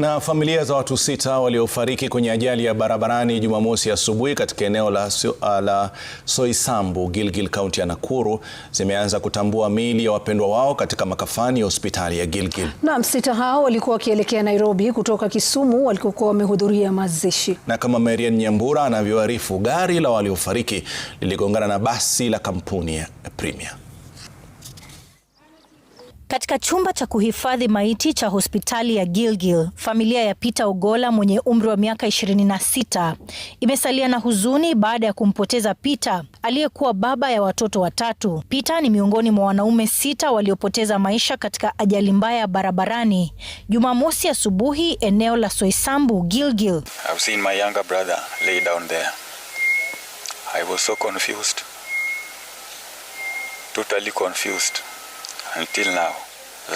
Na familia za watu sita waliofariki kwenye ajali ya barabarani Jumamosi asubuhi katika eneo la, ah, la Soisambu, Gilgil, kaunti ya Nakuru zimeanza kutambua miili ya wapendwa wao katika makafani ya hospitali ya Gilgil. Naam, sita hao walikuwa wakielekea Nairobi kutoka Kisumu walikokuwa wamehudhuria mazishi. Na kama Marian Nyambura anavyoarifu, gari la waliofariki liligongana na basi la kampuni ya Premier. Katika chumba cha kuhifadhi maiti cha hospitali ya Gilgil, familia ya Peter Ogolla mwenye umri wa miaka 26 imesalia na huzuni baada ya kumpoteza Peter aliyekuwa baba ya watoto watatu. Peter ni miongoni mwa wanaume sita waliopoteza maisha katika ajali mbaya ya barabarani Jumamosi asubuhi eneo la Soisambu, Gilgil. Totally confused until now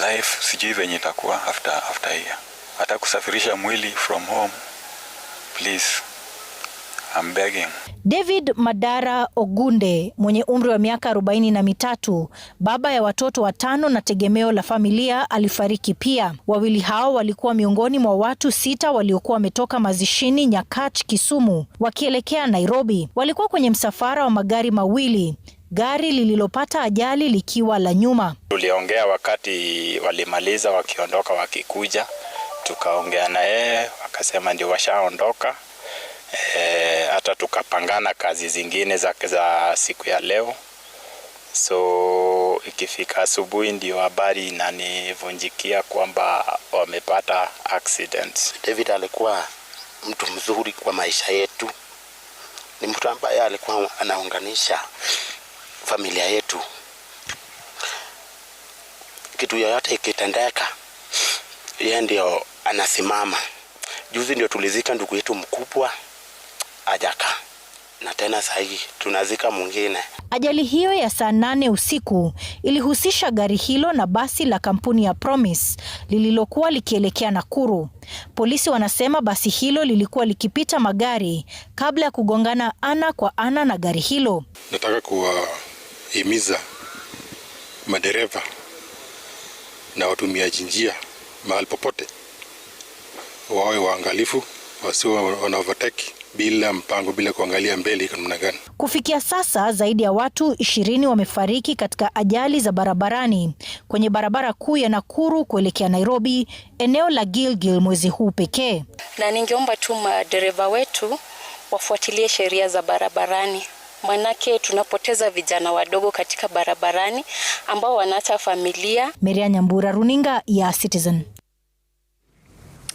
life sijui venye itakuwa after after here Hata kusafirisha mwili from home please, I'm begging. David Madara Ogunde mwenye umri wa miaka arobaini na mitatu, baba ya watoto watano na tegemeo la familia alifariki pia. Wawili hao walikuwa miongoni mwa watu sita waliokuwa wametoka mazishini Nyakach, Kisumu wakielekea Nairobi. Walikuwa kwenye msafara wa magari mawili gari lililopata ajali likiwa la nyuma. Tuliongea wakati walimaliza wakiondoka, wakikuja tukaongea na yeye, wakasema ndio washaondoka. E, hata tukapangana kazi zingine za, za siku ya leo so ikifika asubuhi ndio habari inanivunjikia kwamba wamepata accident. David alikuwa mtu mzuri kwa maisha yetu, ni mtu ambaye alikuwa anaunganisha familia yetu. Kitu yoyote ikitendeka, yeye ndio anasimama. Juzi ndio tulizika ndugu yetu mkubwa ajaka na tena sahii tunazika mwingine. Ajali hiyo ya saa nane usiku ilihusisha gari hilo na basi la kampuni ya Promise lililokuwa likielekea Nakuru. Polisi wanasema basi hilo lilikuwa likipita magari kabla ya kugongana ana kwa ana na gari hilo. Nataka kuwa himiza madereva na watumiaji njia mahali popote wawe waangalifu, wasio wana overtake bila mpango, bila kuangalia mbele iko namna gani. Kufikia sasa zaidi ya watu ishirini wamefariki katika ajali za barabarani kwenye barabara kuu ya Nakuru kuelekea Nairobi, eneo la Gilgil mwezi huu pekee, na ningeomba tu madereva wetu wafuatilie sheria za barabarani manake tunapoteza vijana wadogo katika barabarani ambao wanaacha familia. meria Nyambura, runinga ya Citizen.